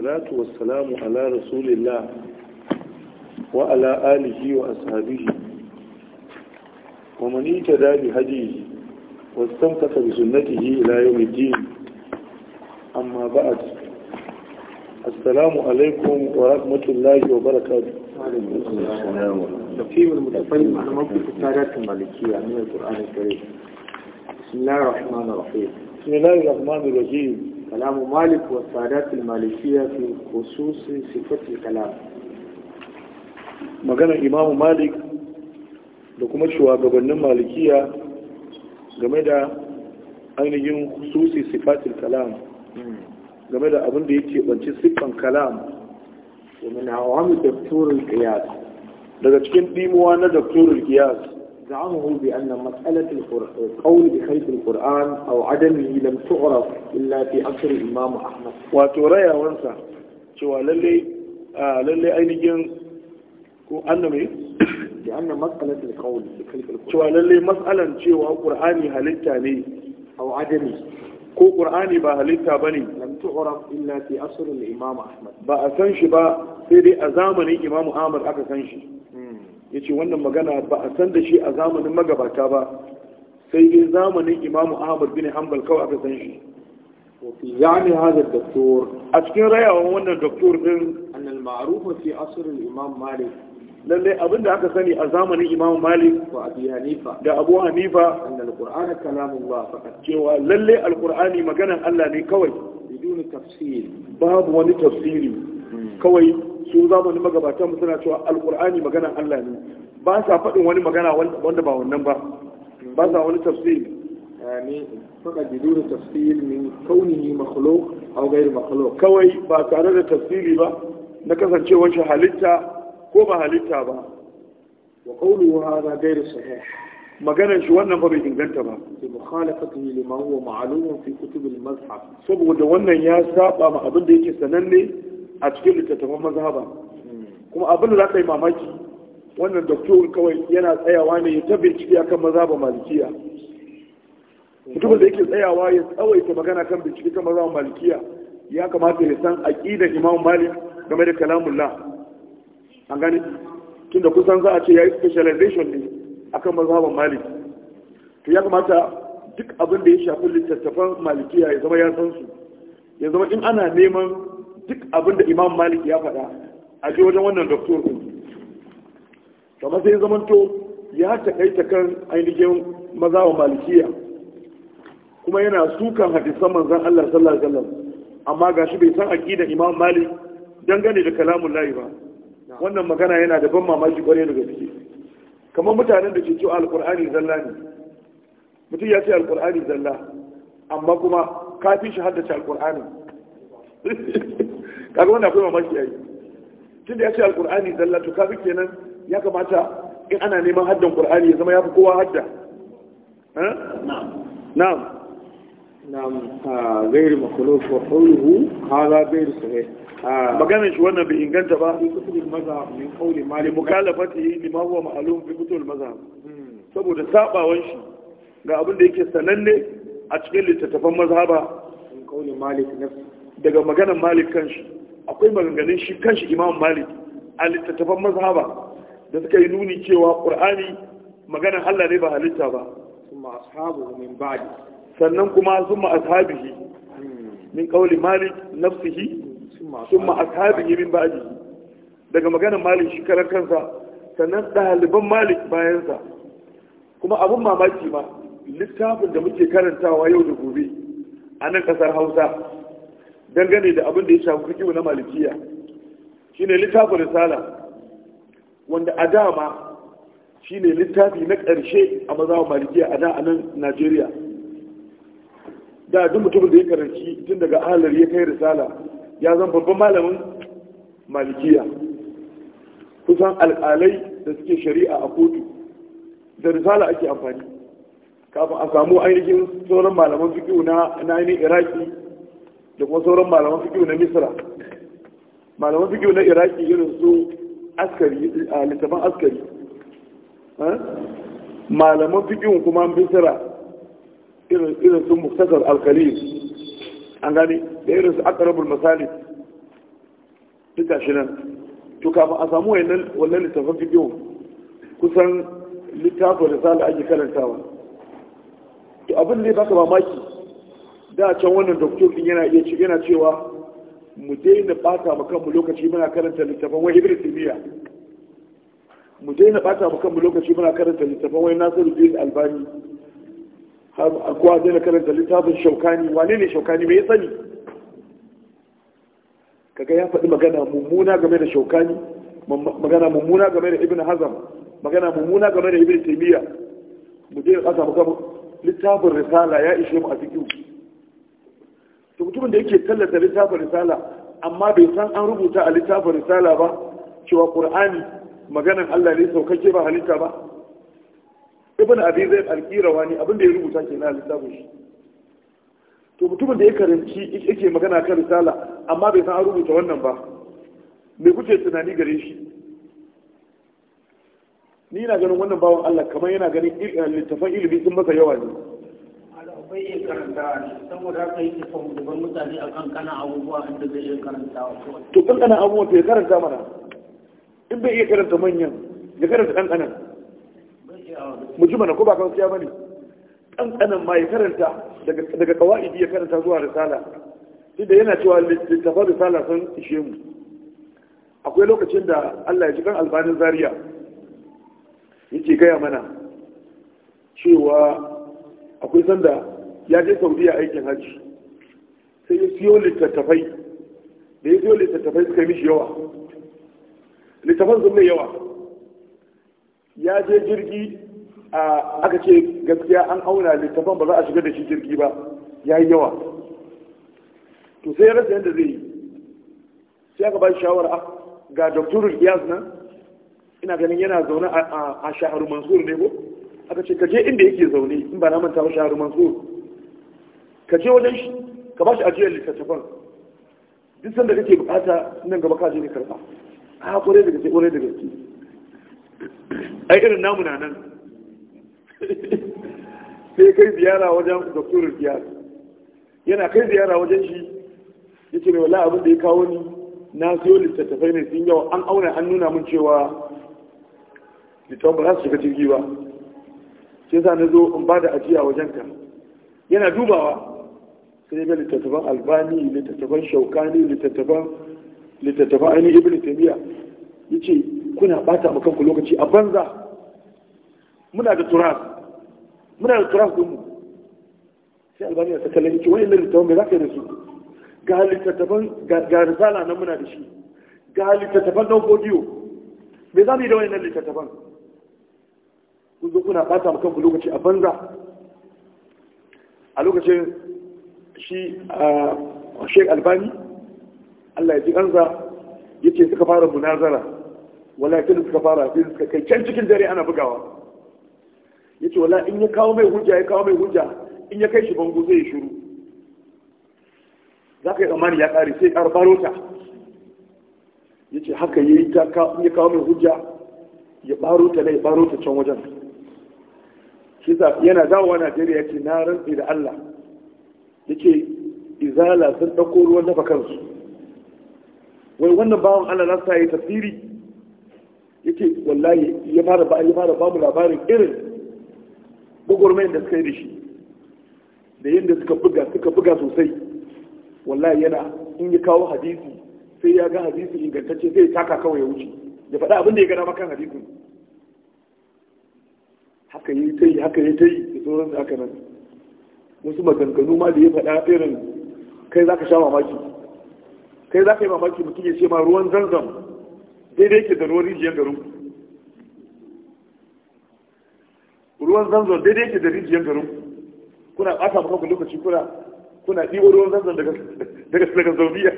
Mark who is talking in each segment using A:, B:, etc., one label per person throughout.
A: والصلاة والسلام على رسول الله وعلى آله وأصحابه ومن اهتدى بهديه واستمسك بسنته إلى يوم الدين أما بعد السلام عليكم ورحمة الله وبركاته
B: تقييم المتفهم على موقف التاريخ
A: بسم الله الرحمن الرحيم بسم الله الرحمن الرحيم كلام مالك والسادات المالكية في خصوص صفة الكلام magana imamu malik da kuma shugabannin malikiya game da ainihin hususi sifatil kalam game da abin da yake banci siffan kalam domin a wani dakturul kiyas daga cikin ɗimuwa na dakturul kiyas زعمه بأن مسألة القول بخيط القرآن أو عدمه لم تعرف إلا في عصر الإمام أحمد وترى ونسى شو للي آه للي أين جن أن مي لأن مسألة القول بخيط القرآن شو للي مسألة شو قرآني هل التاني أو عدمي ko qur'ani ba halitta bane lam tu'raf illa fi asr al-imam ahmad ba a san shi ba sai dai a zamanin imam ahmad aka san shi ya ce wannan magana ba a san da shi a zamanin magabata ba sai dai zamanin imamu ahmad bin hanbal kawai aka san shi Ya yani hada doktor a cikin rayawan wannan doktor din annal ma'ruf fi asirin imam malik Lallai abin da aka sani a zamanin imam malik wa abi hanifa da abu hanifa annal qur'ana kalamullah faqat cewa lallai alqur'ani maganan Allah ne kawai bidun tafsir babu wani tafsiri kawai su zamanin magabata mu suna cewa alkur'ani magana Allah ne ba sa faɗin wani magana wanda ba wannan ba ba sa wani tafsir yani faka bidun tafsir min kaunihi makhluq aw ghayr makhluq kawai ba tare da tafsiri ba na kasancewar shi halitta ko ba halitta ba wa qawluhu hadha ghayr sahih maganar shi wannan ba bai inganta ba bi mukhalafatihi lima huwa ma'lumun fi kutub al-mazhab saboda wannan ya saba ma abin da yake sananne a cikin littattafan mazhaba kuma abin da za ka yi mamaki wannan doktor kawai yana tsayawa ne ya tabbin ciki akan mazhaba malikiya mutumin da yake tsayawa ya tsawaita magana kan bincike kan mazhaba malikiya ya kamata ya san aqidar imam malik game da kalamullah an gani tunda kusan za a ce ya yi specialization ne a maza mazhaban malik to ya kamata duk abin da ya shafi littattafan malikiya ya zama ya san su ya zama in ana neman duk abin da imam malik ya faɗa a ji wajen wannan doktor ɗin kama sai zamanto ya taƙaita kan ainihin maza wa malikiya kuma yana sukan hadisan manzan Allah sallallahu alaihi wasallam amma gashi bai san da imam malik dangane da kalamun layi ba wannan magana yana da ban mamaki kwarai da gaske kamar mutanen da ke cewa alqur'ani zalla ne mutum ya ce alqur'ani zalla amma kuma kafin shi haddace alqur'ani kaga wannan akwai mamaki yayi tun da ya ce alkur'ani zalla to kaga kenan ya kamata in ana neman haddan qur'ani ya zama yafi kowa hadda na'am
B: na'am na'am gairu makhluq wa qawluhu
A: hadha gairu sahih maganar shi wannan bai inganta ba da mukalafati ma huwa ma'alum fi kutul mazhab hmm. saboda sabawan shi ga abin da yake sananne a cikin littattafan mazhaba min qawli malik nafsi daga maganan malik kanshi akwai maganganun shi kanshi imam malik a littattafan mazhaba da suka yi nuni cewa ƙur'ani, maganan Allah ne ba halitta ba ashabu min ba'di sannan kuma summa ashabihi hmm. min qawli malik nafsihi
B: summa ashabihi
A: min ba'di daga maganan malik shi karan kansa sannan ɗaliban malik bayansa kuma abin mamaki ma littafin da muke karantawa yau da gobe a nan ƙasar hausa dangane da abin da ya shafi fikihu na malikiya shine littafin risala wanda a dama shine littafi na ƙarshe a mazawar malikiya a da nan najeriya da duk mutumin da ya karanci tun daga ahalar ya kai risala ya zan babban malamin malikiya kusan alƙalai da suke shari'a a kotu da risala ake amfani kafin a samu ainihin sauran malaman fikihu na ainihin iraki da kuma sauran malaman fikiyu na misra malaman fikiyu na iraki irin su askari a littafin askari malaman fikiyun kuma misra irin su muktasar alkalin an gani da irin su akarabul misali duka shi nan to kafin a samu wannan littafin fikiyun kusan littafin da risala ake karantawa to abin ne ba ka mamaki da can wannan doktor din yana iya yana cewa mu daina bata mu kanmu lokaci muna karanta littafin wai ibnu taymiya mu daina bata mu kanmu lokaci muna karanta littafin wai nasiru bin albani har kowa daina karanta littafin shaukani wane ne shaukani me ya sani kaga ya faɗi magana mummuna game da shaukani magana mummuna game da ibn hazam magana mummuna game da ibn taymiya mu daina bata mu kanmu littafin risala ya ishe mu a cikin to mutumin da yake tallata littafin risala amma bai san an rubuta a littafin risala ba cewa qur'ani maganan Allah ne saukake ba halitta ba ibn abi zaid al-qirawani abin da ya rubuta kenan a littafin shi to mutumin da ya karanci yake magana kan risala amma bai san an rubuta wannan ba me kuke tunani gare shi ni na ganin wannan bawan Allah kamar yana ganin littafan ilimi sun masa yawa ne bai iya karanta saboda haka yake son da mutane akan kana abubuwa
B: inda zai iya karanta to kan
A: kana abubuwa to ya karanta mana in bai iya karanta manyan ya karanta kan kanan mu ji mana ko ba gaskiya bane kan kanan ma ya karanta daga daga kawaidi ya karanta zuwa risala tunda yana cewa littafin risala sun ishe mu akwai lokacin da Allah ya ji kan albanin zaria yake gaya mana cewa akwai sanda ya je saudiya aikin hajji sai ya siyo littattafai da ya siyo littattafai suka mishi yawa littattafan sun mai yawa ya je jirgi a aka ce gaskiya an auna littattafan ba za a shiga da shi jirgi ba ya yi yawa to sai ya rasa yadda zai yi sai aka ba shi shawara ah, ga doktorul iyaz nan ina ganin yana zaune a shaharu mansur ne ko aka ce ka je inda yake zaune in ba na manta ba shahar mansur ka je wajen shi ka ba shi ajiyar littattafan duk sanda kake bukata nan gaba ka je ne karba a ah, kore da gaske kore da gaske ai irin namu na nan sai kai ziyara wajen doktorin ziyara yana kai ziyara wajen shi ya ce mai wala abin da ya kawo ni na siyo littattafai ne sun yawa an auna an nuna mun cewa littattafan ba za su shiga jirgi ba sai sa na zo in ba da ajiya wajen ka yana dubawa sai ga littattafan albani littattafan shaukani littattafan littattafan ainihin ibn taymiya yace kuna bata mu kanku lokaci a banza muna da turas muna da turas din mu sai albani ta kallon yace wani littattafan mai zaka yi da su ga littattafan ga risala nan muna da shi ga littattafan don godiyo me za mu yi da wani littattafan kun zo kuna bata mu kanku lokaci a banza a lokacin shi a sheik albani allah ya ji ƙanza ya ce suka fara munazara walakin suka fara fi suka kai can cikin dare ana bugawa ya ce wala in ya kawo mai hujja ya kawo mai hujja in ya kai shi bango zai shuru. za ka yi tsammani ya ƙare sai ƙar ta. ya ce haka ya yi ta ya kawo mai hujja ya ta na ya ta can wajen shi yana dawowa najeriya ya ce na rantsi da allah ya ce izala sun ɗauko ruwan dafa kansu wai wannan bawon ana na sa ya tafsiri ya ce wallahi ya fara ba ya fara bamu labarin irin gwagwarmayin da suka yi da shi da yadda suka buga suka buga sosai wallahi yana in ya kawo hadisi sai ya ga hadisi ingantacce sai ya taka kawai ya wuce ya faɗa abin da ya gana makan hadisin haka yi ta yi haka yi ta yi da sauran haka nan wasu maganganu ma da ya faɗa irin kai za ka sha mamaki kai za ka yi mamaki mutum ya ce ma ruwan zanzam daidai yake da ruwan rijiyar garin ruwan zanzam daidai yake da rijiyar garin kuna ɓata maka lokaci kuna kuna ɗiwo ruwan zanzan daga daga zaubiya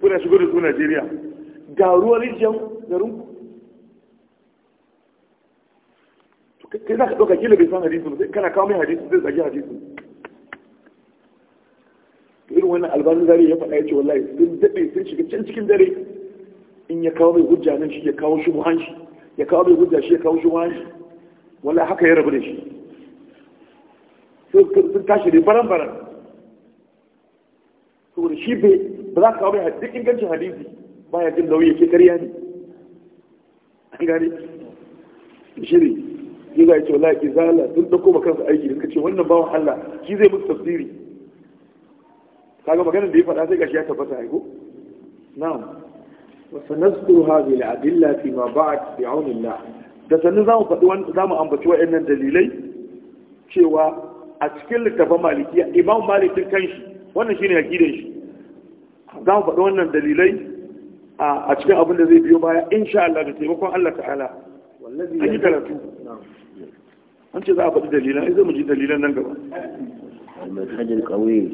A: kuna shigo da su najeriya ga ruwan rijiyar garin kai za ka ɗauka kila bai san hadisi ba kana kawo mai hadisi zai zagi hadisi irin wannan albanin zari ya faɗa ya ce wallahi sun daɗe sun shiga can cikin dare in ya kawo mai hujja nan shi ya kawo shi buhan shi ya kawo mai hujja shi ya kawo shi buhan shi wallahi haka ya rabu da shi sun tashi ne baran baran saboda shi bai ba za ka kawo mai duk ingancin hadisi ba ya jin lauyi ke karya ne an gane shi ne yi za a ce wallahi zala sun ɗauko ma kansa aiki da ka ce wannan bawan Allah shi zai musu tafsiri kaga magana da ya faɗa sai gashi ya tabbata ko na'am wa sanazkuru hadhihi al-adilla fi ma ba'd bi aunillah da sanin zamu faɗi wani zamu ambaci wayannan dalilai cewa a cikin littafin malikiya imam malikin kanshi wannan shine aqidar shi zamu faɗi wannan dalilai a cikin abin da zai biyo baya insha Allah da taimakon Allah ta'ala
B: wallahi ya karatu
A: an ce za a faɗi dalilan ai zai mu ji dalilan nan
B: gaba المنهج القوي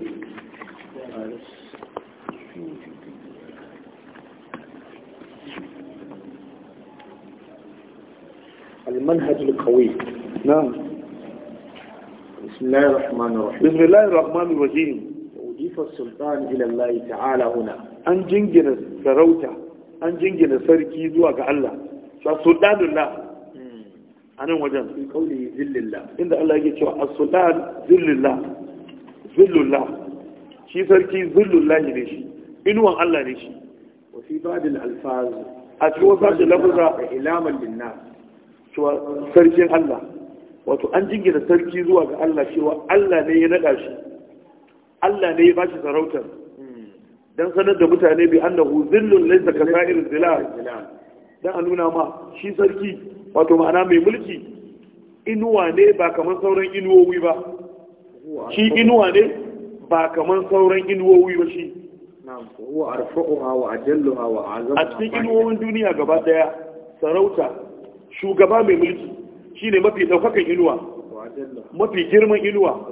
A: المنهج القوي نعم بسم الله الرحمن الرحيم بسم الله الرحمن الرحيم أضيف السلطان إلى الله تعالى هنا أن جنجن سروتا أن جنجن سركي زواج الله فالسلطان الله أنا وجن في قوله ذل الله إن الله يقول السلطان ذل الله ذل الله شي سركي ذل الله يشي inuwan Allah ne shi wa fi ba'dil alfaz a cikin wasu da lafuza ilaman linnas cewa sarkin Allah wato an jingina sarki zuwa ga Allah cewa Allah ne ya naɗa shi Allah ne ya ba shi sarautar dan sanar da mutane bi annahu zillun laysa ka sa'ir zilal dan a nuna ma shi sarki wato ma'ana mai mulki inuwa ne ba kamar sauran inuwowi ba shi inuwa ne ba kamar sauran inuwowi ba shi a cikin ilmomin duniya gaba daya sarauta shugaba mai mulki shine mafi daukakan inuwa
B: mafi girman
A: inuwa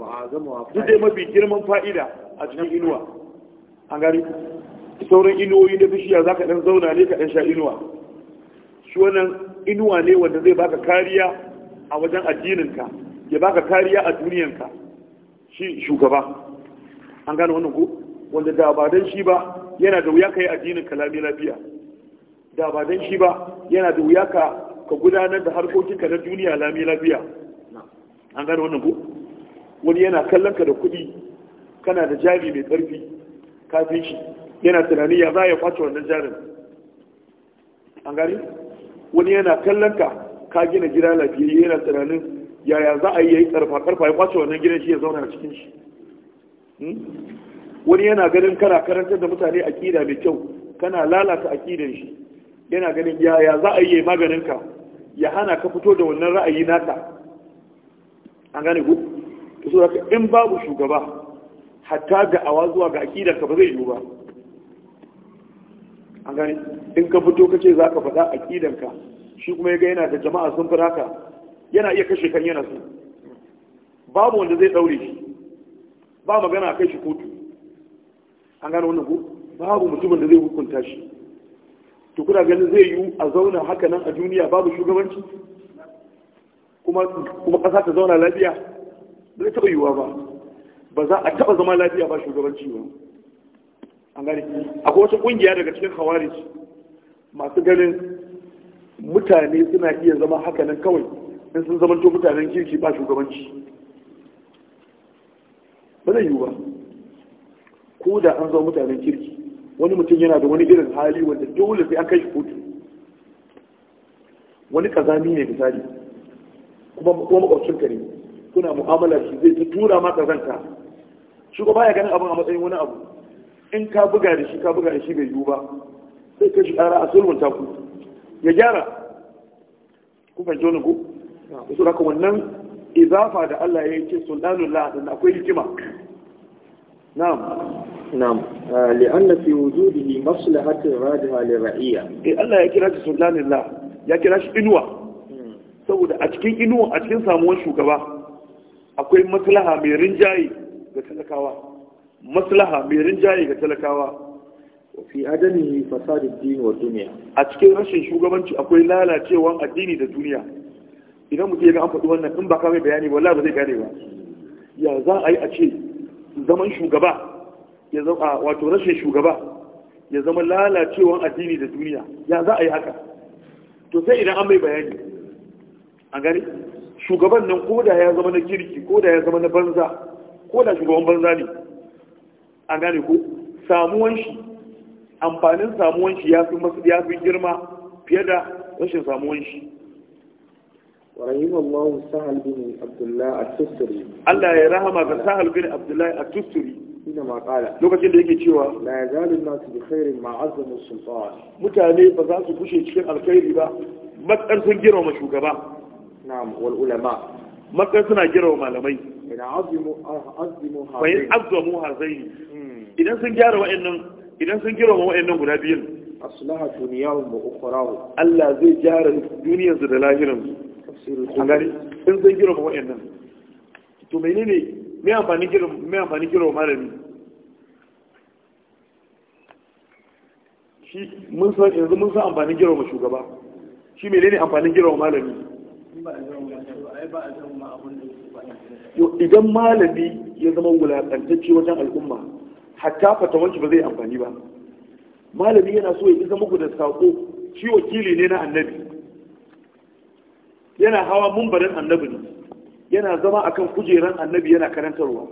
A: duk dai mafi girman fa'ida a cikin inuwa an gari sauran inuwoyi da fushiya za ka ɗan zauna ne ka ɗan sha inuwa shi wannan inuwa ne wanda zai baka kariya a wajen addininka ya baka kariya a duniyanka shi shugaba an gane wannan ko wanda da ba dan shi ba yana da wuya ka yi addinin kalami lafiya da ba dan shi ba yana da wuya ka ka gudanar da harkokin ka na duniya lami lafiya an gane wannan ko wani yana kallon ka da kuɗi kana da jari mai ƙarfi kafin shi yana tunani ya za ya kwace wannan jarin an gane wani yana kallon ka ka gina gida lafiya yana tunanin yaya za a yi ya yi ƙarfa ƙarfa ya kwace wannan gidan shi ya zauna a cikin shi hmm? wani yana ganin kana karantar da mutane akida mai kyau kana lalata aƙidan shi yana ganin yaya za a yi maganin ka ya hana ka fito da wannan ra'ayi naka an gane ku to so in babu shugaba hatta ga awa zuwa ga aƙidan ka ba zai yiwu ba an gane in ka fito kace za ka faɗa akidar ka shi kuma ya ga yana da jama'a sun fi ka. yana iya kashe kan yana su. babu wanda zai daure shi ba magana kai shi kotu an gano wannan ku babu mutumin da zai hukunta shi to kuna ganin zai yiwu a zauna haka nan a duniya babu shugabanci kuma kuma ƙasa ta zauna lafiya zai taɓa yiwuwa ba ba za a taɓa zama lafiya ba shugabanci ba an gane akwai wata ƙungiya daga cikin khawarij masu ganin mutane suna iya zama haka nan kawai in sun zamanto mutanen kirki ba shugabanci ba zai yiwu ba ko da an zama mutanen kirki wani mutum yana da wani irin hali wanda dole sai an kai shi kotu wani kazami ne misali kuma kuma makwabcin kare kuna mu'amala shi zai ta tura ma kazanta shugaba ya ganin abin a matsayin wani abu in ka buga da shi ka buga da shi bai yiwu ba sai ka shi ƙara a sulhunta ku ya gyara ku fahimci wani ku da su wannan izafa da Allah ya yi ce sultanul la'adun akwai hikima na'am نعم لأن في وجوده مصلحة راجعة للرعية إيه الله يكراش سلطان الله يكراش إنوة saboda a cikin inuwa a cikin samuwar shugaba akwai maslaha mai rinjaye ga talakawa maslaha mai rinjaye ga talakawa fi adami fasadin din wa duniya a cikin rashin shugabanci akwai lalacewan addini da duniya idan mutum ya ga an faɗi wannan in ba ka mai bayani ba wallahi ba zai gane ba hmm. ya za a yi a ce zaman shugaba ya zama wato rashin shugaba ya zama lalacewan addini da duniya ya za a yi haka to sai idan an mai bayani a gani shugaban nan ko da ya zama na kirki ko da ya zama na banza ko da shugaban banza ne a gane ko samuwan shi amfanin samuwan shi ya fi masu ya fi girma fiye da rashin samuwan shi Allah ya rahama ga sahal bin Abdullahi a Tusturi ina ma kala lokacin da yake cewa la yazalu nasu bi khairin ma azamu sultan mutane ba za su kushe cikin alkhairi ba matsar sun girma shugaba na'am wal ulama matsar suna girma malamai ina azimu ah, azimu ha bayan azamu ha zai hmm. idan sun gyara wa'annan idan sun girma wa'annan guda biyun aslaha duniyahum wa ukhrahu Allah zai gyara duniyarsu da lahirin su tafsirul in sun girma wa'annan to menene me amfani kiro me amfani malami mun san yanzu mun san amfanin kiro shugaba shi menene amfanin kiro malami idan malami ya zama wulaƙantacce wajen al'umma hatta fatawanci ba zai amfani ba malami yana so ya isa muku da saƙo shi wakili ne na annabi yana hawa mumbarin annabi ne yana zama akan kujerar annabi yana karantarwa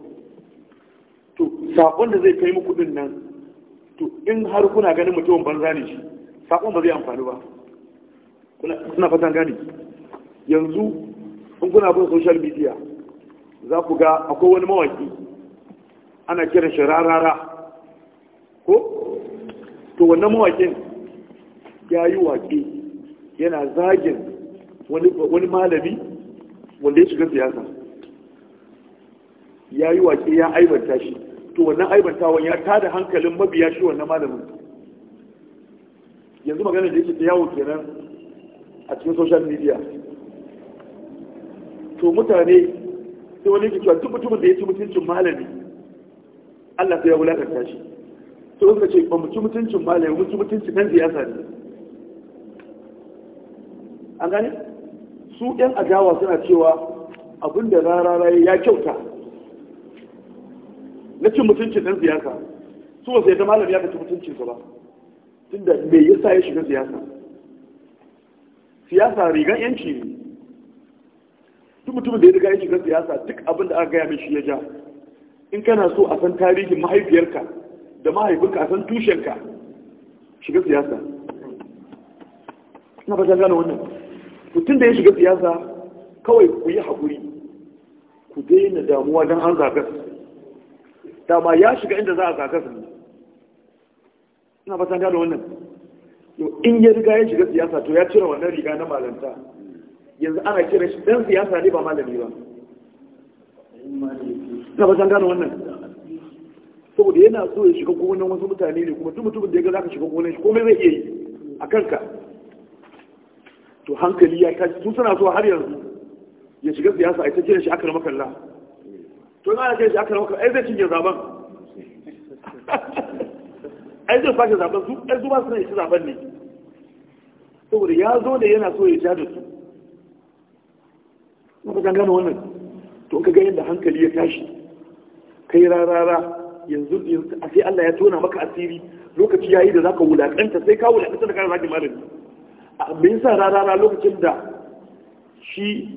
A: to sakon da zai kai muku nan to in har kuna ganin mutumin banza ne shi sakon ba zai amfani ba kuna fatan gani yanzu in kuna bin social media za ku ga akwai wani mawaki ana kira shi rarara ko to wannan mawakin ya yi waƙe yana zagin wani malami wanda ya shiga siyasa ya yi waƙe ya aibanta shi to wannan aibantawan ya tada hankalin mabiya shi wannan malamin yanzu magana da yake ta yawo kenan a cikin social media to mutane sai wani yake cewa duk mutumin da ya ci mutuncin malami Allah sai ya wulakanta shi sai wanda ce ba mu ci mutuncin malami mutum ci mutuncin kan siyasa ne an gane su yan adawa suna cewa abin da rarara ya kyauta na cin mutuncin ɗan siyasa su wasu yadda malam ya kaci mutuncinsa ba tun da me yasa ya shiga siyasa siyasa rigan yanci ne duk mutumin da ya riga ya shiga siyasa duk abin da aka gaya mai shi ya ja in kana so a san tarihin mahaifiyarka da mahaifinka a san tushenka shiga siyasa na ba gane wannan mutum da ya shiga siyasa kawai ku yi haƙuri ku daina damuwa don an zagar dama ya shiga inda za a zagar ne ina fata gano wannan yau in ya riga ya shiga siyasa to ya cire wannan riga na malanta yanzu ana kira shi ɗan siyasa ne ba malami ba
B: ina fata gano wannan
A: saboda yana so ya shiga gonan wasu mutane ne kuma duk mutumin da ya ga zaka shiga gonan shi komai zai iya yi a kanka to hankali ya tashi su suna so har yanzu ya shiga siyasa a ita kiran shi aka rama kalla to ina da kiran shi aka rama kalla ai zai cinye zaben ai zai fashe zaben su ai zuba suna yi zaben ne saboda ya zo da yana so ya ja da su na bakan gane wannan to ka ga yadda hankali ya tashi kai rarara yanzu a sai Allah ya tona maka asiri lokaci yayi da zaka wulakanta sai ka wulakanta da kana zaki malami me sa rana lokacin da shi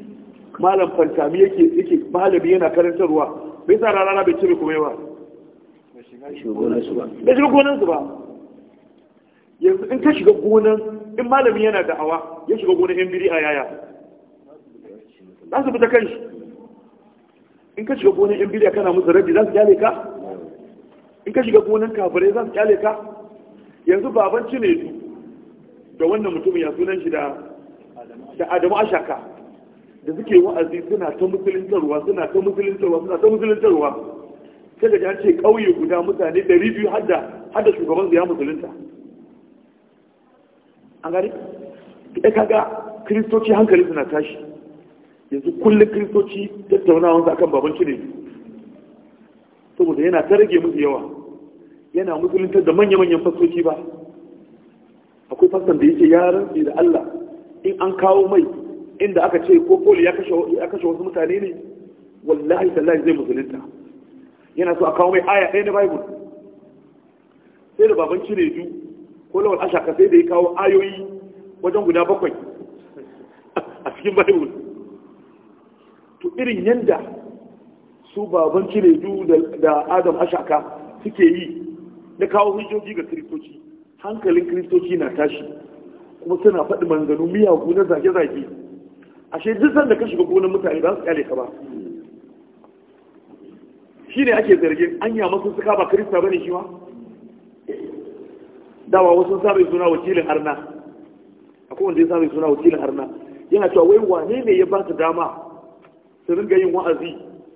A: malam fantami yake yake malami yana karantarwa bai sa rana bai cire kuma yawa ba shiga gonan su ba yanzu in ka shiga gonan in malami yana da'awa ya shiga gonan yan biri a yaya za su fita kanshi in ka shiga gonan yan biri a kana musu rabi za su kyale ka in ka shiga gonan kafirai za su kyale ka yanzu baban cire su da wannan mutumin ya sunan shi da da Adamu Ashaka da suke wa'azi suna ta musuluntarwa suna ta musuluntarwa suna ta musuluntarwa sai da an ce kauye guda mutane 200 har da har da shugaban ya musulunta an gari da kaga kristoci hankali suna tashi yanzu kullum kristoci tattaunawa akan babanci ne saboda yana ta rage musu yawa yana musuluntar da manya-manyan fasoci ba fassan da yake ya rantsi da Allah in an kawo mai inda aka ce ko koli ya kashe wasu mutane ne wallahi tallahi zai musulunta yana so a kawo mai aya ɗaya na bible sai da baban cire ko lawal ashaka sai da ya kawo ayoyi wajen guda bakwai a cikin bible to irin yanda su baban cire da adam ashaka suke yi na kawo hujjoji ga kiristoci hankalin kristoci na tashi kuma suna faɗi manganu miyagu na zage-zage ashe duk sanda ka shiga gonar mutane ba su kyale ka ba shi ne ake zargin anya masu suka ba kirista ne shi ma dawa wasu sabai suna wakilin harna akwai wanda ya sabai suna wakilin harna yana cewa wai wane ne ya ba su dama su ringa yin wa'azi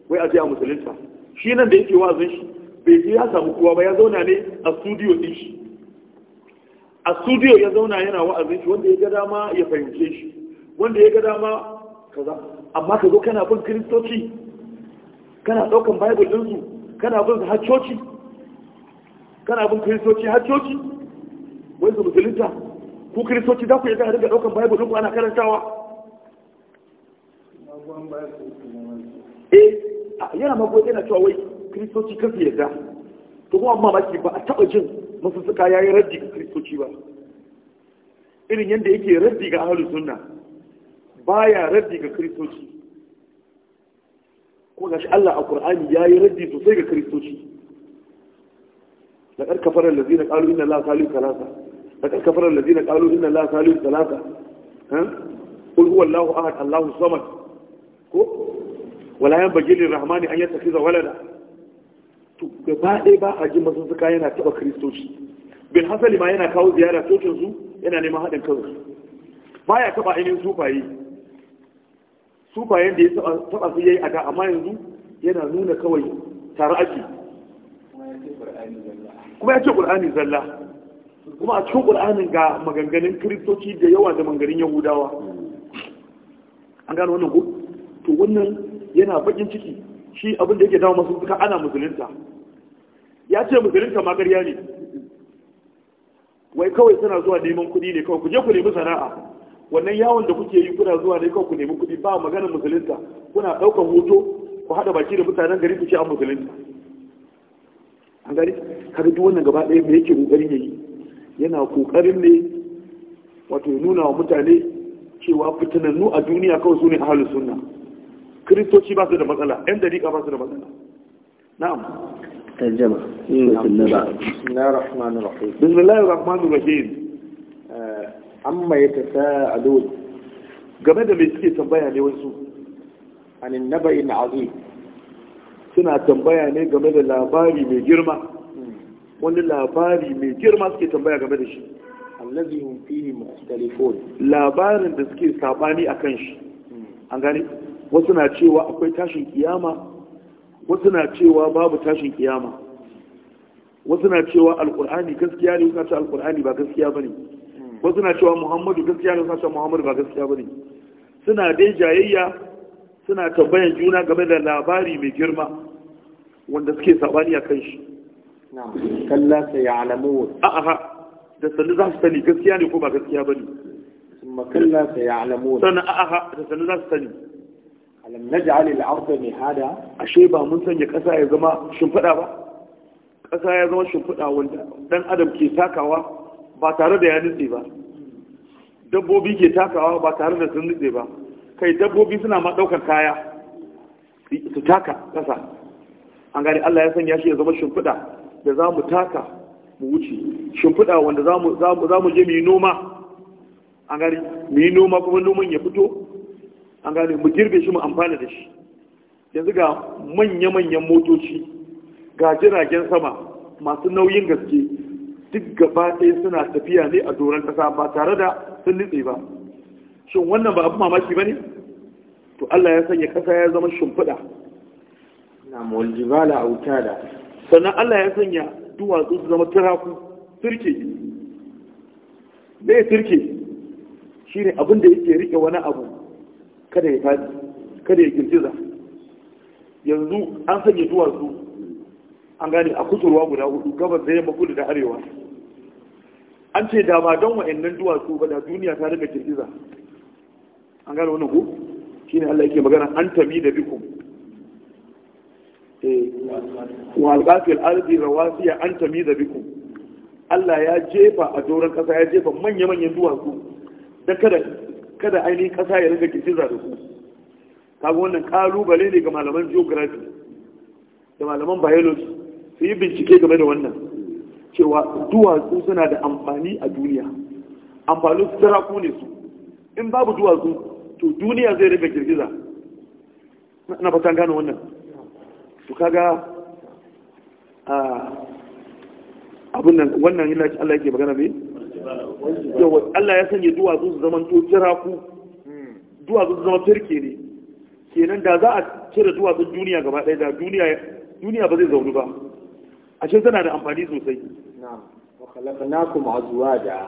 A: wai a je a musulunta shi nan da yake wa'azin shi bai je ya samu kowa ba ya zauna ne a studio din shi a studio ya zauna yana wa'azin shi wanda ya ga dama ya fahimce shi wanda ya ga dama kaza amma ka zo kana bin kiristoci kana daukan bible dinsu kana bin har kana bin kiristoci har wai su musulunta ku kiristoci za ku yi zahari ga daukan bible dinku ana karantawa eh yana magoyi yana cewa wai kiristoci kafin yadda to kuma mamaki ba a taba jin masu suka ya yi raddi ga kristoci ba irin yadda yake raddi ga ahalu sunna ba ya raddi ga kristoci ko shi Allah a Kur'ani ya yi raddi sosai ga kristoci da karkafar lalazi na kalu inna Allah salu salasa da karkafar lalazi na kalu inna Allah salu salasa ha kul huwallahu ahad Allahu samad ko wala yanbaghi lirrahmani an yattakhidha walada to gaba ɗaya ba a ji masussuka yana taɓa kiristoci bin hasali ma yana kawo ziyara cocin su, yana neman haɗin su ba ya taɓa ainihin sufaye sufayen da ya taɓa su yayi a da amma yanzu yana nuna kawai tare ake kuma ya ce ƙur'ani zalla kuma a cikin ƙur'anin ga maganganun kiristoci da yawa da mangarin yahudawa an gano wannan ko to wannan yana bakin ciki shi abin da yake dawo masu suka ana musulunta ya ce musulun kama ne wai kawai suna zuwa neman kuɗi ne kawai ku je ku nemi sana'a wannan yawon da kuke yi kuna zuwa ne kawai ku nemi kuɗi ba magana musulunta kuna ɗaukar hoto ku haɗa baki da mutanen gari ku ce an musulunta an gari ka duk wannan gaba ɗaya me yake kokari yayi yana ƙoƙarin ne wato ya nuna wa mutane cewa fitanannu a duniya kawai su ne ahalus sunna kiristoci ba su da matsala yan dariƙa ba su da matsala na'am
B: ترجمة بسم
A: الله الرحمن الرحيم بسم الله الرحمن الرحيم amma ya tasa a dole game da mai suke tambaya ne wasu anin naba'in لاباري suna tambaya ne game da labari mai girma wani labari mai girma suke tambaya game da shi allazi hum fihi mukhtalifun labarin da suke sabani akan shi an gane. wasu na cewa akwai tashin kiyama wasu na cewa babu tashin kiyama wasu na cewa alkur'ani gaskiya ne wasu na alkur'ani ba gaskiya ba ne wasu na cewa muhammadu gaskiya ne wasu na muhammadu ba gaskiya ba ne suna dai jayayya suna tambayan juna game da labari mai girma wanda suke sabani a kan shi kalla sai ya alamu a'a da sannu za su sani gaskiya ne ko ba gaskiya ba ne sannan a'a da sannu za su sani alam naj'al al-ardha mihada ashe ba mun sanya kasa ya zama shimfida ba kasa ya zama shimfida wanda dan adam ke takawa ba tare da ya nutse ba dabbobi ke takawa ba tare da sun nutse ba kai dabbobi suna ma daukar kaya su taka kasa an gani Allah ya sanya shi ya zama shimfida da za mu taka mu wuce shimfida wanda za mu je mu yi noma an gani mu yi noma kuma noman ya fito an gane mu girbe shi mu amfana da shi yanzu ga manya-manyan motoci ga jiragen sama masu nauyin gaske duk gaba ɗaya suna tafiya ne a doron ƙasa ba tare da sun nitse ba shin wannan ba abu mamaki ba ne to allah ya sanya ƙasa ya zama shimfiɗa na maljibala a wuta da sannan allah ya sanya duwatsu su zama turaku turke ne turke shi ne abin da yake rike wani abu kada ya fadi kada ya girgiza yanzu an sanya duwatsu an gane a kusurwa guda hudu gabas da yamma kudu da arewa an ce da ba don wa'annan duwatsu ba da duniya ta daga girgiza an gane wannan ku Shi ne Allah yake magana an tami da bikum eh, wa alqafil ardi rawasiya an tami da bikum Allah ya jefa a doron kasa ya jefa manya-manyan duwatsu da kada kada ainihin ƙasa ya ringa kiciza da ku kaga wannan ƙalubale ne ga malaman geography da malaman biology su yi bincike game da wannan cewa duwatsu suna da amfani a duniya amfanin su saraku ne su in babu duwatsu to duniya zai ringa girgiza na fatan gano wannan to kaga ah, abin nan wannan yana Allah yake magana mai. yawa Allah ya sanya duwatsu su zama to ku duwatsu su zama turke ne kenan da za a cire duwatsun duniya gaba ɗaya da duniya ba zai zaunu ba ashe tana da amfani sosai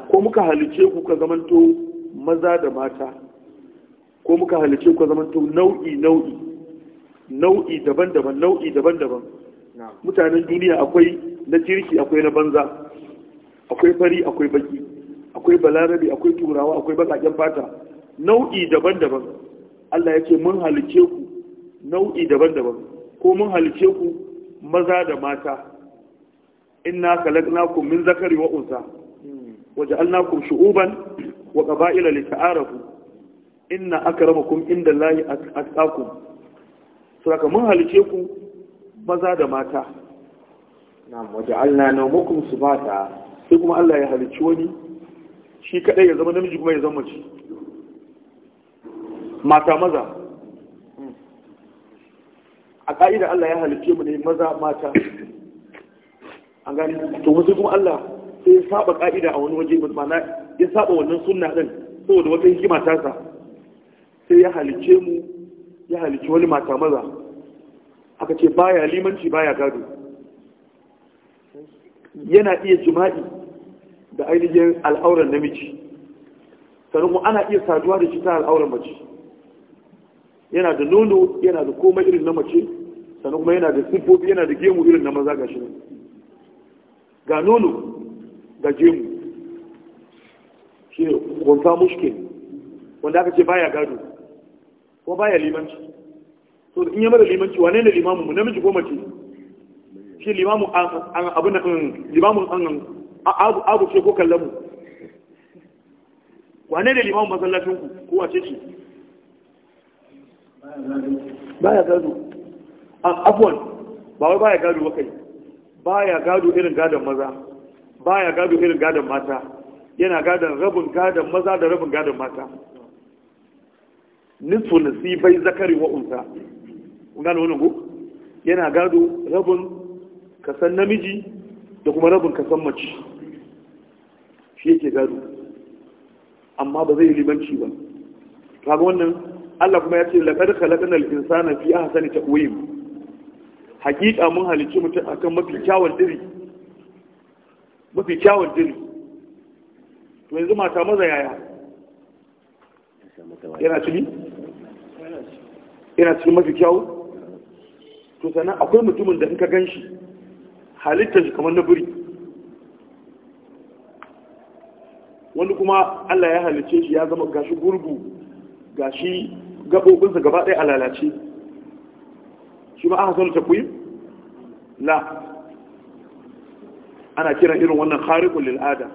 A: ko muka halice ku ka zamanto maza da mata ko muka halice ku ka zamanto nau'i nau'i nau'i daban-daban nau'i daban-daban mutanen duniya akwai na kirki akwai na banza akwai fari akwai baki akwai balarabi akwai turawa akwai bakaken fata nau'i daban-daban Allah ya ce mun halice ku nau'i daban-daban ko mun halice ku maza da mata inna khalaqnakum min zakari wa unsa waja'alnakum shu'uban wa qaba'ila lita'arafu inna akramakum indallahi atqakum saka mun halice ku maza da mata na waja'alna nawmukum subata sai kuma Allah ya halicci wani shi kadai ya zama namiji kuma ya zama mace mata maza a ka'idar Allah ya halicce mu ne maza mata an gani to wasu kuma Allah sai ya saba ka'ida a wani waje mana ya saba wannan sunna din saboda wata hikima ta sa sai ya halicce mu ya halitce wani mata maza aka ce baya limanci baya gado yana iya jima'i da ainihin al'auran namiji sannan ana iya saduwa da shi ta al'auran mace yana da nono yana da komai irin na mace sannan kuma yana da siffofi yana da gemu irin na maza gashi nan ga nono ga gemu shi ne kunsa wanda aka ce baya gado ko baya limanci so in yi mara limanci wane ne limamu namiji ko mace shi limamu ah, ah, abin mm, limamun mm, abu ce ko kallon mu wane da limon masallacinku ko a cece baya gado afwan ba wai baya gado wakai baya gado irin gadon maza baya gado irin gadon mata yana gadon rabin gadon maza da rabin gadon mata nisfu nasibai zakari wa unsa kun wani wannan yana gado rabin kasan namiji da kuma rabin kasan mace shi yake gado amma ba zai yi limanci ba kaga wannan Allah kuma ya ce laqad khalaqna al-insana fi ahsani taqwim hakika mun halicci mutum akan mafi kyawun diri mafi kyawun diri to yanzu mata maza yaya yana ciki yana cikin mafi kyawu to sannan akwai mutumin da in ka ganshi halittar shi kamar na buri wani kuma Allah ya halice shi ya zama gashi gurgu gashi gabobinsa gaba ɗaya a lalace shi ma aka sanu takwim la ana kiran irin wannan kharikul lil'ada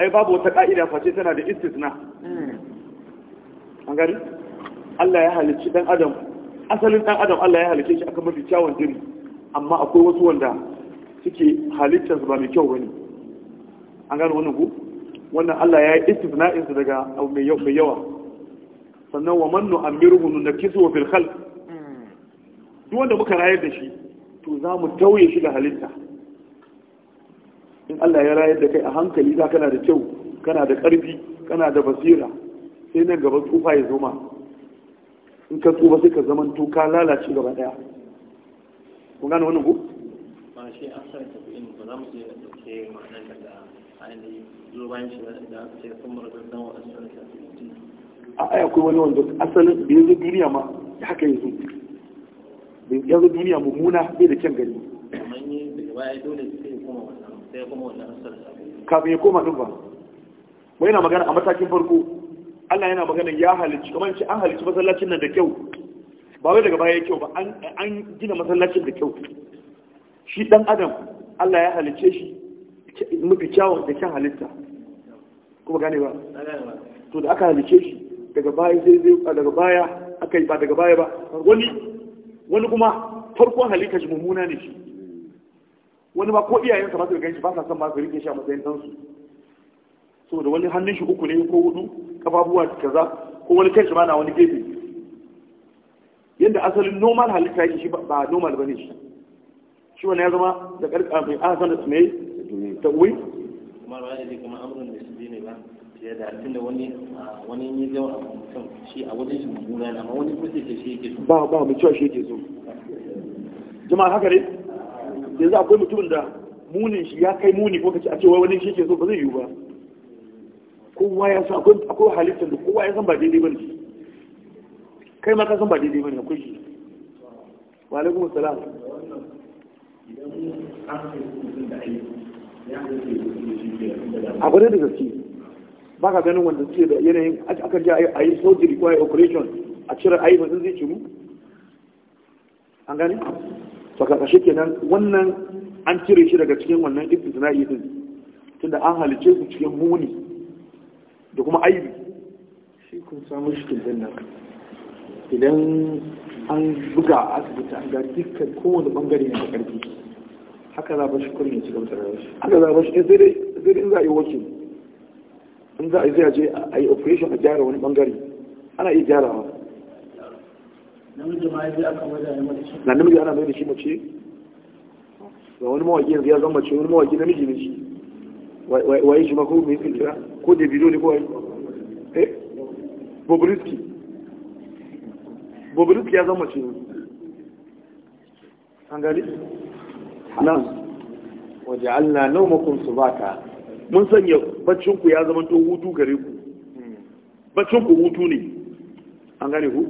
A: ai babu wata ka'ida face tana da istisna an gani Allah ya halice dan adam asalin dan adam Allah ya halicce shi aka mafi kyawun jiri amma akwai wasu wanda suke halittarsu ba mai kyau wani an gani wannan ku wannan Allah ya yi istifna'in su daga abu mai yawa sannan wa mannu na kisu wa fil khalq duk wanda muka rayar da shi to za mu tauye shi da halitta in Allah ya rayar da kai a hankali za kana da kyau kana da ƙarfi kana da basira sai nan gaba tsufa ya zoma in ka tsufa sai ka zama to ka lalace gaba daya kun gane wannan ku
B: ba shi an in ba za mu je da ke ma'anar da ainihin zuwa bayan shi da
A: akwai wani wanda asalin da ya zo duniya ma haka yanzu zo ya zo duniya mummuna bai da kyan gani kafin ya koma din ba ba yana magana a matakin farko Allah yana magana ya halicci kamar ce an halicci masallacin nan da kyau ba wai daga baya kyau ba an gina masallacin da kyau shi ɗan adam Allah ya halicce shi mafi kyawun da kyan halitta kuma gane ba to da aka halice shi daga baya zai zai daga baya aka yi ba daga baya ba wani wani kuma farkon halitta shi mummuna ne shi wani ba ko iyayensa ba su gani shi ba sa son ba su rike shi a matsayin ɗansu saboda wani hannun shi uku ne ko hudu kafafuwa kaza ko wani kai shi ma na wani gefe yadda asalin normal halitta yake shi ba normal bane shi shi wani ya zama da karka mai asan da ta'wil
B: kuma ba da kuma amrun nisbi ne ba fiye da tunda wani wani ya ga mutum shi a
A: wajen shi mummuna ne amma wani kuma sai shi yake so ba ba mu cewa shi yake so jama'a haka ne yanzu akwai mutumin da munin shi ya kai muni ko kace a ce wai wani shi yake so ba zai yiwu ba kowa ya san akwai akwai halittar da kowa ya san ba daidai bane kai ma ka san ba daidai bane akwai shi wa alaikum assalam idan an kai mutum da aiki a gudun da gaske ba ka ganin wanda suke da yanayin aka ji a yi surgery ko a yi operation a cire aibin masu zai ciru an gani to karkashe kenan wannan an cire shi daga cikin wannan ibtisna'i din tunda an halice su cikin muni da kuma aibi shi kun samu shi din idan an buga asibiti an ga dukkan kowane bangare na da karfi haka za a bashi kullum ci gaba da wasu. haka za a bashi sai dai in za a yi wakil in za a yi je a yi operation a gyara wani bangare ana iya gyarawa
B: namiji ma yaji aka wajen ya mace na namiji
A: ana mai da shi mace ga wani mawaki yanzu ya zama mace wani mawaki namiji ne shi Wa waye shi ma ko mai filtira ko da bido ne ko waye eh bobrisky bobrisky ya zama mace an gani nan waje alna makon su baka mun sanya baccinku ya zama to hutu gare ku hmm. baccinku hutu ne an gane ku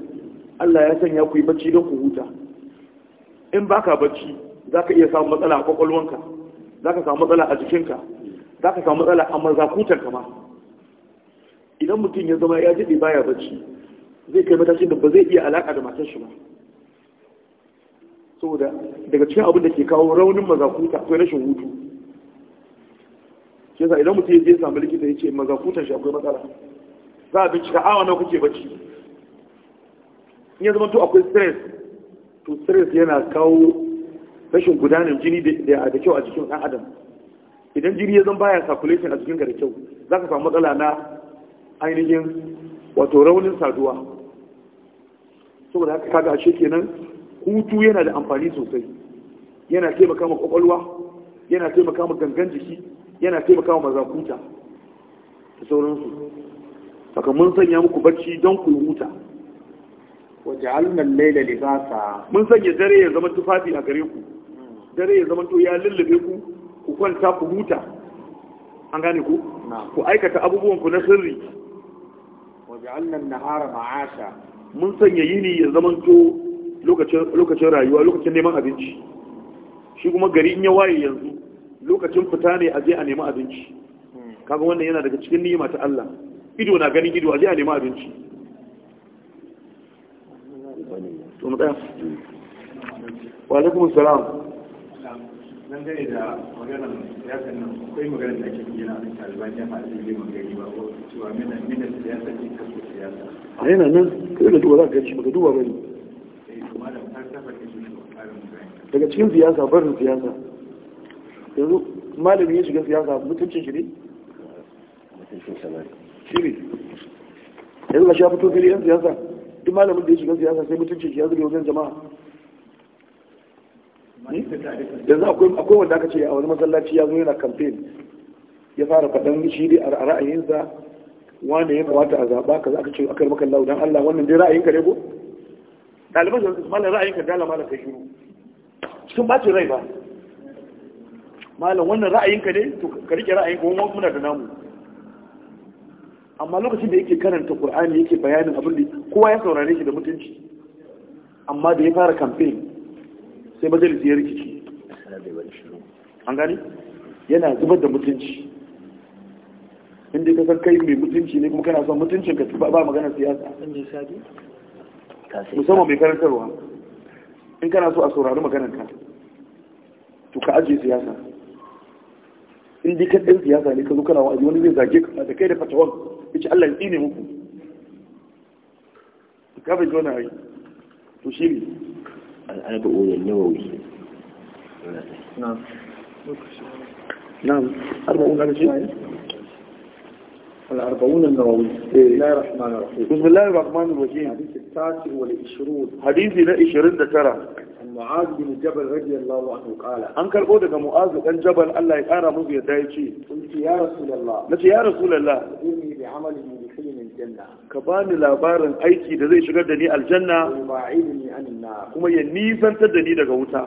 A: Allah ya sanya ku yi bacci don ku huta in baka bacci za ka iya samun matsala a kwakwalwanka za ka samu matsala a jikinka za ka samu matsala a mazakutanka ma idan mutum ya zama ya jiɗe baya bacci zai kai matashin da ba zai iya alaƙa da matashi ba saboda daga cikin abin da ke kawo raunin mazakuta akwai rashin hutu ke sa idan mutum ya je samu likita ya ce mazakutan shi akwai matsala za a bincika awa nawa kuke bacci in ya zama to akwai stress to stress yana kawo rashin gudanar jini da kyau a jikin ɗan adam idan jini ya zan baya circulation a jikin gare kyau za ka samu matsala na ainihin wato raunin saduwa saboda haka kaga ashe kenan hutu yana da amfani sosai yana taimaka ma kwakwalwa yana taimaka ma gangan jiki yana taimaka ma mazakuta da sauransu saka mun sanya muku barci don ku huta waje alunan laila libasa mun sanya dare ya zama tufafi a gare ku dare ya zama to ya lullube ku ku kwanta ku huta an gane ku ku aikata abubuwan ku na sirri
B: waje alunan nahara ma'asha
A: mun sanya yini ya zama to lokacin rayuwa lokacin neman abinci shi kuma gari in ya waye yanzu lokacin fita ne a je a nemi abinci kaga wannan yana daga cikin ni'ima ta Allah ido na ganin ido a je a nemi abinci to mu wa alaikum salam
B: dangane da maganar siyasar nan akwai maganar da ake na da taliban ya faɗi ne magani ba ko cewa mina mina siyasa ne kaso siyasa
A: a yana nan kai da duba za ka ci maka duba bane daga cikin siyasa barin siyasa yanzu malamin ya shiga siyasa mutuncin shi ne? shiri yanzu ga shafi tofili yan siyasa duk malamin da ya shiga siyasa sai mutuncin shi ya zuri wajen jama'a hmm? yanzu akwai wanda aka ce a wani masallaci ya zo yana kamfen ya fara faɗan shiri a ra'ayinsa wanda ya kamata a zaɓa ka za ka ce akar maka lau don Allah wannan dai ra'ayinka ne ko? ɗaliban da su malar ra'ayin ka gala malar ka shiru cikin ba ce rai ba malam wannan ra'ayin ka ne to ka rike ra'ayin ka wani muna da namu amma lokacin da yake karanta qur'ani yake bayanin abin da kowa ya saurare shi da mutunci amma da ya fara kamfen sai majalisi ya rikici an gani yana zubar da mutunci inda ka san kai mai mutunci ne kuma kana son mutuncin ka ba magana siyasa musamman mai karantarwa in kana so a saurari maganarka to ka ajiye siyasa in ka kaɗin siyasa ne ka zo kana wa'azi wani zai zage ka da kai da fatawan ya ce Allah ya tsine muku ka bai zona yi to shi ne al'ada oyan wuce na'am arba'un na da shi الأربعون النووي بسم الله الرحمن الرحيم بسم الله الرحمن الرحيم حديث التاسع والعشرون حديث لا عشرين ترى معاذ بن جبل رضي الله عنه قال أن كان قودك معاذ بن جبل الله يقارى مبيا دايتي قلت يا رسول الله قلت يا رسول الله إني بعمل يدخلني الجنة كباني لابارن أيكي دزي شغدني الجنة ويباعدني عن النار كما ينيسان تدني دقوتا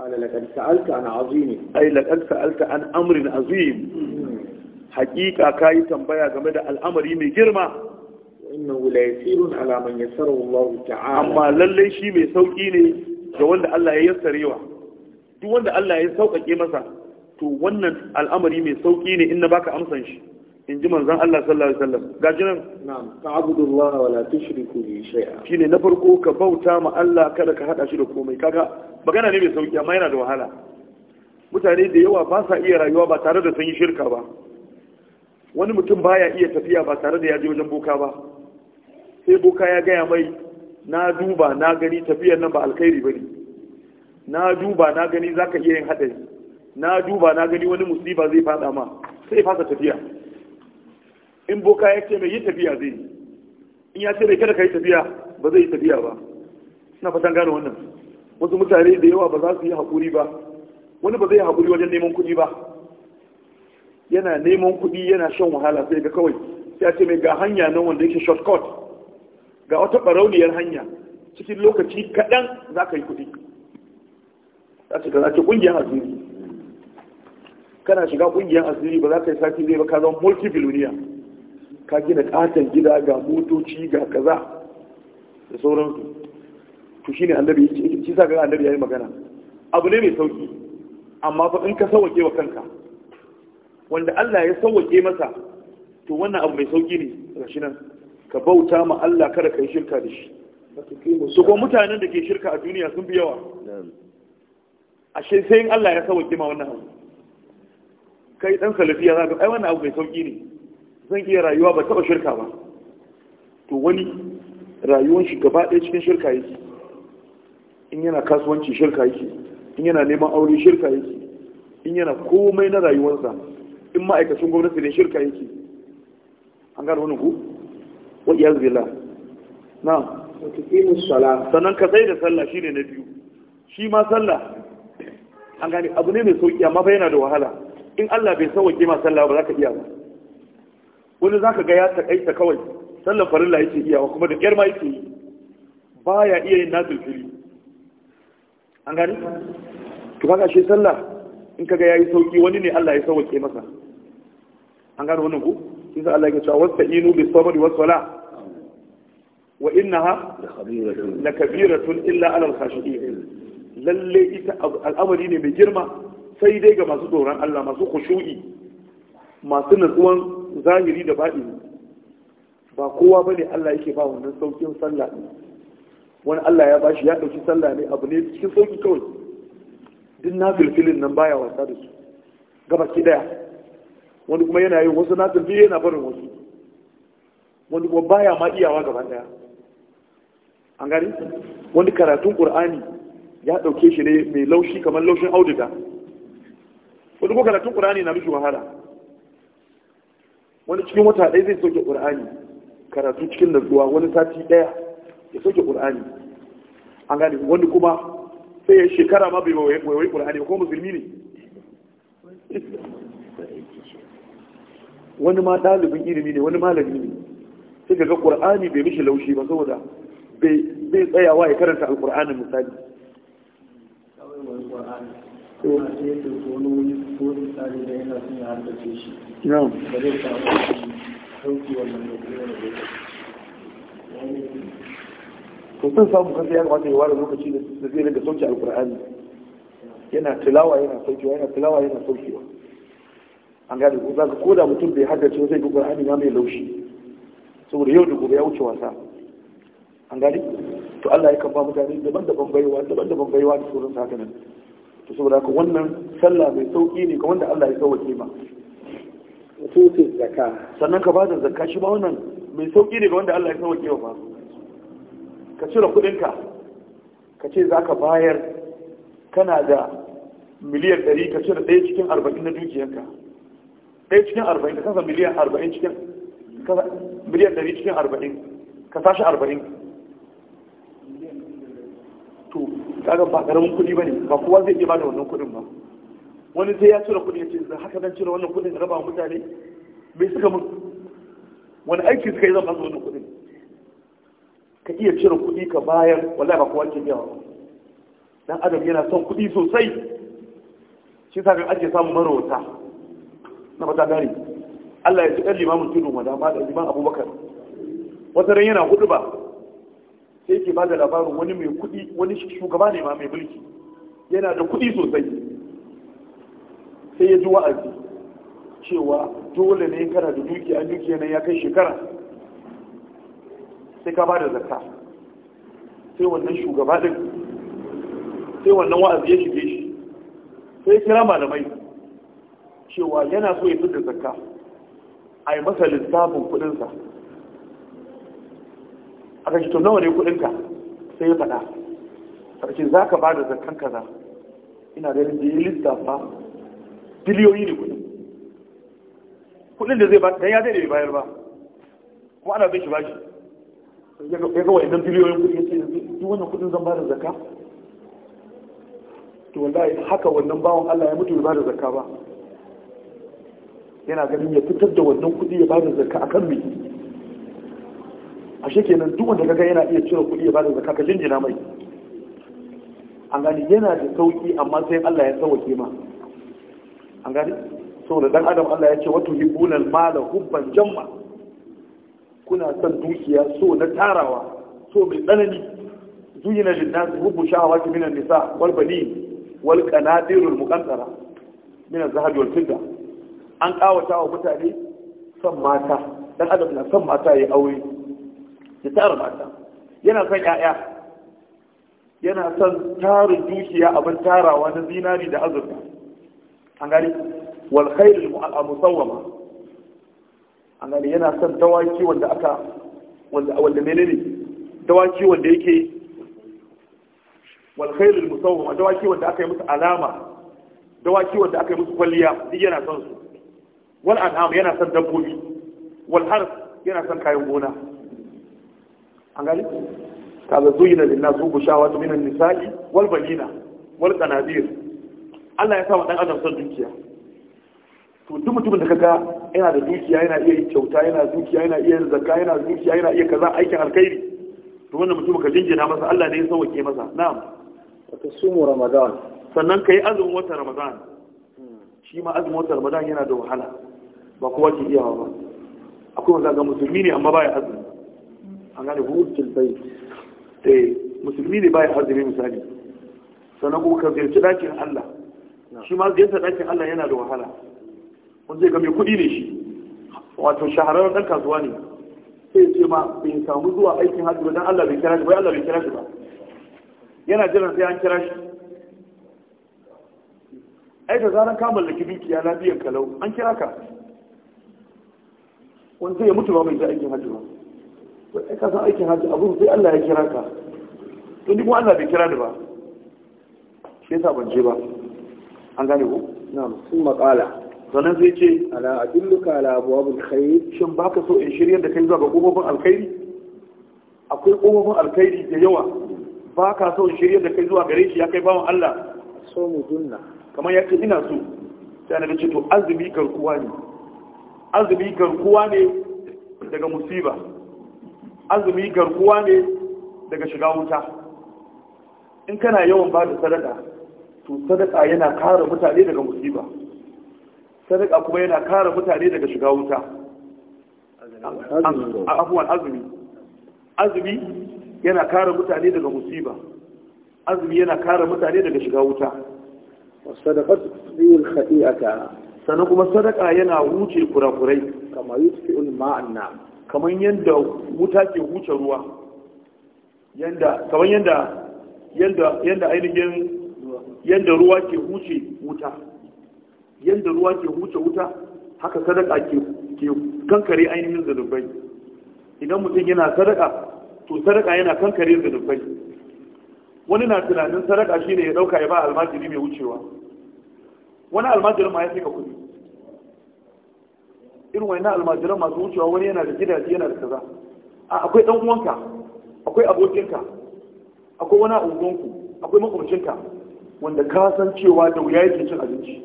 A: قال لقد سألت عن عظيم أي لقد سألت عن أمر عظيم hakika ka yi tambaya game da al'amari mai girma innahu la ala man yassarahu Allah ta'ala amma lalle shi mai sauki ne ga wanda Allah ya yassarewa duk wanda Allah ya sauƙaƙe masa to wannan al'amari mai sauki ne in na baka amsan shi in ji manzon Allah sallallahu alaihi wasallam ga jiran na'am ta'budullaha wa la tushriku bi shay'a shine na farko ka bauta ma Allah kada ka hada shi da komai kaga magana ne mai sauƙi amma yana da wahala mutane da yawa ba sa iya rayuwa ba tare da sun yi shirka ba wani mutum baya iya tafiya ba tare da ya je wajen boka ba sai boka ya gaya mai na duba na gani tafiyar nan ba alkhairi ba ne. na duba na gani za ka iya yin haɗari. na duba na gani wani musiba zai fada ma sai fasa tafiya in boka ya ce mai yi tafiya zai in ya ce mai kada ka yi tafiya ba zai yi tafiya ba suna fatan gane wannan wasu mutane da yawa ba za su yi haƙuri ba wani ba zai yi haƙuri wajen neman kuɗi ba yana neman kuɗi yana shan wahala sai ga kawai sai a ce mai ga hanya nan wanda yake shortcut ga wata barauniyar hanya cikin lokaci kaɗan za ka yi kuɗi za ce za ce ƙungiyar asiri kana shiga ƙungiyar asiri ba za ka yi sati zai ba ka zama multi-billionaire ka gina ƙaton gida ga motoci ga kaza da sauransu to shine annabi yake shi sa ga annabi yi magana abu ne mai sauki amma fa in ka sauke wa kanka wanda Allah ya sauwake masa to wannan abu mai sauki ne gashi nan ka bauta ma Allah kada ka yi shirka da shi su kuma mutanen da ke shirka a duniya sun fi yawa ashe sai in Allah ya sauwake ma wannan abu kai dan salafiya za ka ai wannan abu mai sauki ne zan iya rayuwa ba taba shirka ba to wani rayuwar shi gaba ɗaya cikin shirka yake in yana kasuwanci shirka yake in yana neman aure shirka yake in yana komai na rayuwarsa in ma'aikacin gwamnati ne shirka yake an gano wani ku wa iyaz billah na sannan ka sai da sallah ne na biyu shi ma sallah an gani abu ne mai sauki amma fa yana da wahala in Allah bai sauke ma sallah ba za ka iya ba wani za ka ga ya takaita kawai sallan farilla yake iyawa kuma da ƙyar ma yake yi ba ya iya yin nazil fili an gani? to kaga shi sallah in ka ya yi sauki wani ne Allah ya sauke masa an gano wannan ku shi sa Allah ya cewa wasta'inu bis sabri was sala wa innaha la kabiratun illa ala al khashiin lalle ita al'amari ne mai girma sai dai ga masu tsoron Allah masu khushu'i masu nutsuwan zahiri da baɗini ba kowa bane Allah yake ba wannan saukin sallah wani Allah ya bashi ya ɗauki sallah ne abu ne cikin sauki kawai duk na filfilin nan baya wasa da su gaba ki daya wani kuma yana yin wasu biyu yana barin wasu wani kuma baya ma iyawa gaba daya an gani wani karatun ƙur'ani ya dauke shi ne mai laushi kamar laushin auduga wani kuma karatun ƙur'ani na mishi wahala wani cikin wata ɗaya zai soke ƙur'ani karatu cikin natsuwa wani sati ɗaya ya soke ƙur'ani an gani wani kuma sai ya shekara ma bai wai ƙur'ani ko musulmi ne wani ma ɗalibin ilimi ne wani malami ne sai ga ƙur'ani bai mishi laushi ba saboda bai tsayawa ya karanta alqur'anin misali to sun samu kansa ya kamata ya da lokaci da zai rinka sauke alqur'ani yana tilawa yana saukewa yana tilawa yana saukewa an gane ko za ka koda mutum bai haddace zai gugu amina mai laushi saboda yau da gobe ya wuce wasa an gane to Allah ya kan ba mutane daban-daban baiwa daban-daban baiwa da sauran haka nan to saboda ka wannan sallah mai sauki ne ga wanda Allah ya sauke kima sannan ka bada zakka shi ba wannan mai sauki ne ga wanda Allah ya sauwa kima ba ka cire kuɗinka ka ce za ka bayar kana da miliyan ɗari ka cire ɗaya cikin arba'in na dukiyanka ɗaya cikin arba'in ka kasa miliyan arba'in cikin miliyan ɗari cikin arba'in ka tashi arba'in to kaga ba ƙaramin kuɗi ba ne ba kowa zai iya bada wannan kuɗin ba wani sai ya cire kuɗi ya ce haka zan cire wannan kuɗin raba wa mutane bai suka mun wani aiki suka yi zan fasa wannan kuɗin ka iya cire kuɗi ka bayar wallahi ba kowa ke ba dan adam yana son kuɗi sosai shi sabin ake samun marauta na mata gari Allah ya ci ɗan limamin tudu dama da liman abubakar wata ran yana hudu ba sai ke ba da labarin wani mai kuɗi wani shugaba ne ma mai mulki yana da kuɗi sosai sai ya ji wa'azi cewa dole ne kana da dukiya dukiya yanayi ya kai shekara sai ka ba da zarta sai wannan shugaba din sai wannan wa'azi ya shige sai kira malamai cewa yana so ya fi da zakka a yi masa lissafin kudinsa a kan shi to nawa ne kudinka sai ya faɗa sarki za ka ba da zakkan kaza ina ganin da ya lissafa biliyoyi ne kudin kudin da zai ba dan ya zai da ya bayar ba kuma ana zai shi ba shi ya ga wa'in nan biliyoyin kudin ya ce duk wannan kudin zan ba da zakka to wallahi haka wannan bawan Allah ya mutu ya da zakka ba yana ganin ya fitar da wannan kuɗi ya ba da zakka kan mai ashe kenan duk wanda kaga yana iya cire kuɗi ya ba da zakka ka jinjina mai an gani yana da sauki amma sai Allah ya sauke ma an gani saboda dan adam Allah ya ce wato hibbuna mala hubban jamma kuna son dukiya so na tarawa so mai tsanani zuyina linnasi hubbu shahawati minan nisa wal banin wal qanadirul muqantara min az-zahab wal fidda an kawata wa mutane son mata dan adam na son mata yayi aure ya tara mata yana son 'ya'ya. yana son tarin dukiya abin tarawa na zinari da azurfa an gani wal khairul musawwama an gani yana son dawaki wanda aka wanda wanda menene dawaki wanda yake wal khairul musawwama dawaki wanda aka yi musu alama dawaki wanda aka yi musu kwalliya duk yana son su wal an'am yana son dabbobi wal harf yana son kayan gona an gani kaza zuyina lin nas hubu shawatu min an nisa'i wal banina wal qanadir Allah ya sa wa dan adam son dukiya to duk mutumin da kaga yana da dukiya yana iya yin kyauta yana dukiya yana iya yin zakka yana dukiya yana iya kaza aikin alkhairi to wannan mutum ka jinjina masa Allah ne ya sauke masa na'am wata sumu ramadan sannan ka yi azumin wata ramadan shi ma azumin wata ramadan yana da wahala ba kowa ke iyawa ba akwai wanda ga musulmi ne amma baya azumi an gane hujjil bai eh musulmi ne baya azumi misali sannan kuma ka ziyarci dakin Allah shi ma ziyarta dakin Allah yana da wahala wanda zai ga mai kuɗi ne shi wato shahararren ɗan kasuwa ne sai ce ma bai samu zuwa aikin hajji ba dan Allah bai kira shi ba Allah bai kira shi ba yana jiran sai an kira shi ai da zaran ka mallaki dukiya lafiyar kalau an kira ka wani ya mutu ba mai zai aikin hajji ba to ai ka san aikin hajji abu sai Allah ya kira ka to ni kuma Allah bai kira ni ba shi yasa ban je ba an gane ko na sun maqala sannan sai ce ala adilluka ala abwabil khair shin baka so in shirya da kai zuwa ga kofofin alkhairi akwai kofofin alkhairi da yawa ba ka so shirya da kai zuwa gare shi ya kai bawan Allah so mu dunna kamar ya ce ina so sai na ce to azumi garkuwa ne azumi garkuwa ne daga musiba azumi garkuwa ne daga shiga wuta in kana yawan ba da sadaka to sadaka yana kare mutane daga musiba sadaka kuma yana kare mutane daga shiga wuta afuwan azumi azumi yana kare mutane daga musiba azumi yana kare mutane daga shiga wuta sadaqat bil khati'ata sannan kuma sadaka yana huce kurakurai Kamar yusfi'ul ma'an kamar yanda wuta ke huce ruwa yanda kamar yanda yanda yanda ainihin yanda ruwa ke huce wuta yanda ruwa ke huce wuta haka sadaka ke kankare ainihin zalubai idan mutum yana sadaka to sadaka yana kankare zunubai wani na tunanin sadaka shine ya dauka ya ba almajiri mai wucewa wani almajirin ma ya fi ka kudi irin wani na almajiran masu wucewa wani yana da gidaje yana da kaza a akwai dan uwanka akwai abokinka akwai wani ungonku akwai makwabcinka wanda ka san cewa da wuya yake cin abinci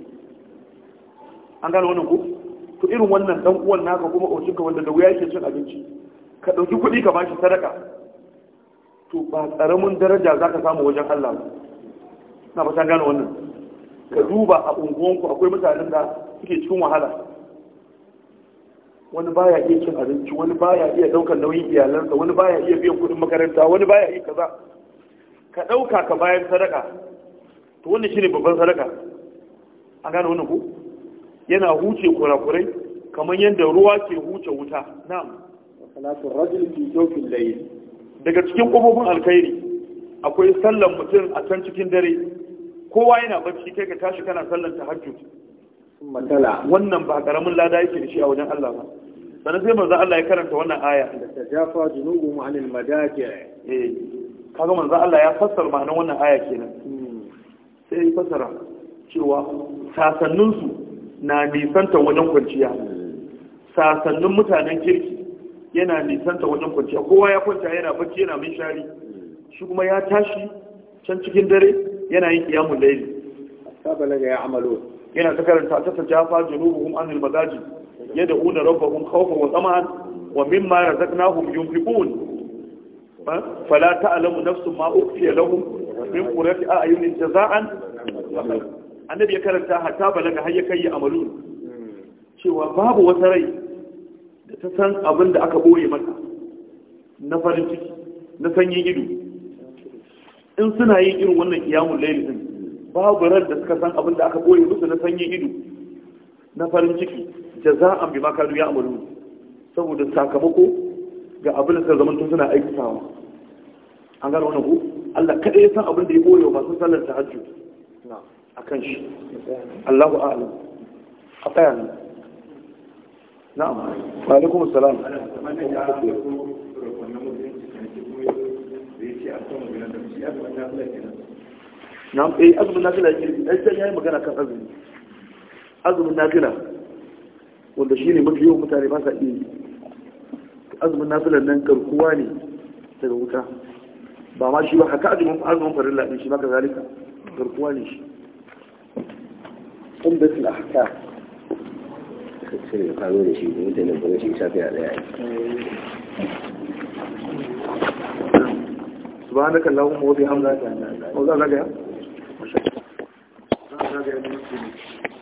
A: an gane wannan ku? to irin wannan dan uwan naka kuma makwabcinka wanda da wuya yake cin abinci ka dauki kuɗi ka bashi sadaka to ba karamin daraja za ka samu wajen Allah na ba gane wannan ka duba a unguwanku akwai mutanen da suke cikin wahala wani baya iya cin abinci wani baya iya daukar nauyin iyalansa wani baya iya biyan kudin makaranta wani baya iya kaza ka dauka ka bayan sadaka to wannan shine babban sadaka an gane wannan ko yana huce kurakurai kamar yadda ruwa ke huce wuta na'am salatu rajul fi jawfil layl daga cikin ƙofofin alkhairi akwai sallan mutum a can cikin dare kowa yana bacci kai ka tashi kana sallan ta matala wannan ba karamin lada yake da shi a wajen Allah ba sannan sai manzo Allah ya karanta wannan aya da tajafa junubuhum anil madaji eh kaga manzo Allah ya fassara ma'anar wannan aya kenan hmm. sai ya fassara cewa sasannin su na nisanta wajen kwanciya hmm. sasannin mutanen kirki yana nisanta wajen kwanciya kowa ya kwanta yana bacci yana mai shari shi kuma ya tashi can cikin dare yana yin kiyamun laili sabalaga ya amalo yana ta karanta ta tajafa junubuhum anil madaji yad'una rabbahum khawfan wa tama'an wa mimma razaqnahum yunfiqun fala ta'lamu nafsun ma ukhfiya lahum min qurrati a'yunin jaza'an annabi ya karanta hatta balaga har ya kai amalun cewa babu wata rai ta san abin da aka ɓoye mata na farin ciki na sanyin ido in suna yin irin wannan kiyamun laili babu ran da suka san abin da aka ɓoye musu na sanyin ido na farin ciki an bi makanu ya amuru saboda sakamako ga abin da suka zama tun suna sawa an gano wannan ko Allah kada ya san abin da ya ɓoye wa masu sallar ta a akan shi Allahu a'lam a tsaya alaikun wa alaikum salam na'am eh, azumin nafila yake ai sai yayi magana kan azumi azumin nafila wanda shi ne mafi yawan mutane ba sa iya azumin nafilan nan karkuwa ne daga wuta ba ma shi ba haka azumin azumin farin laɗin shi ba maka zalika karkuwa ne shi umdatul haka
B: sai ka zo da shi mutanen ba shi safiya daya
A: سبحانك اللهم وبحمدك وذا رجع
B: وذا رجع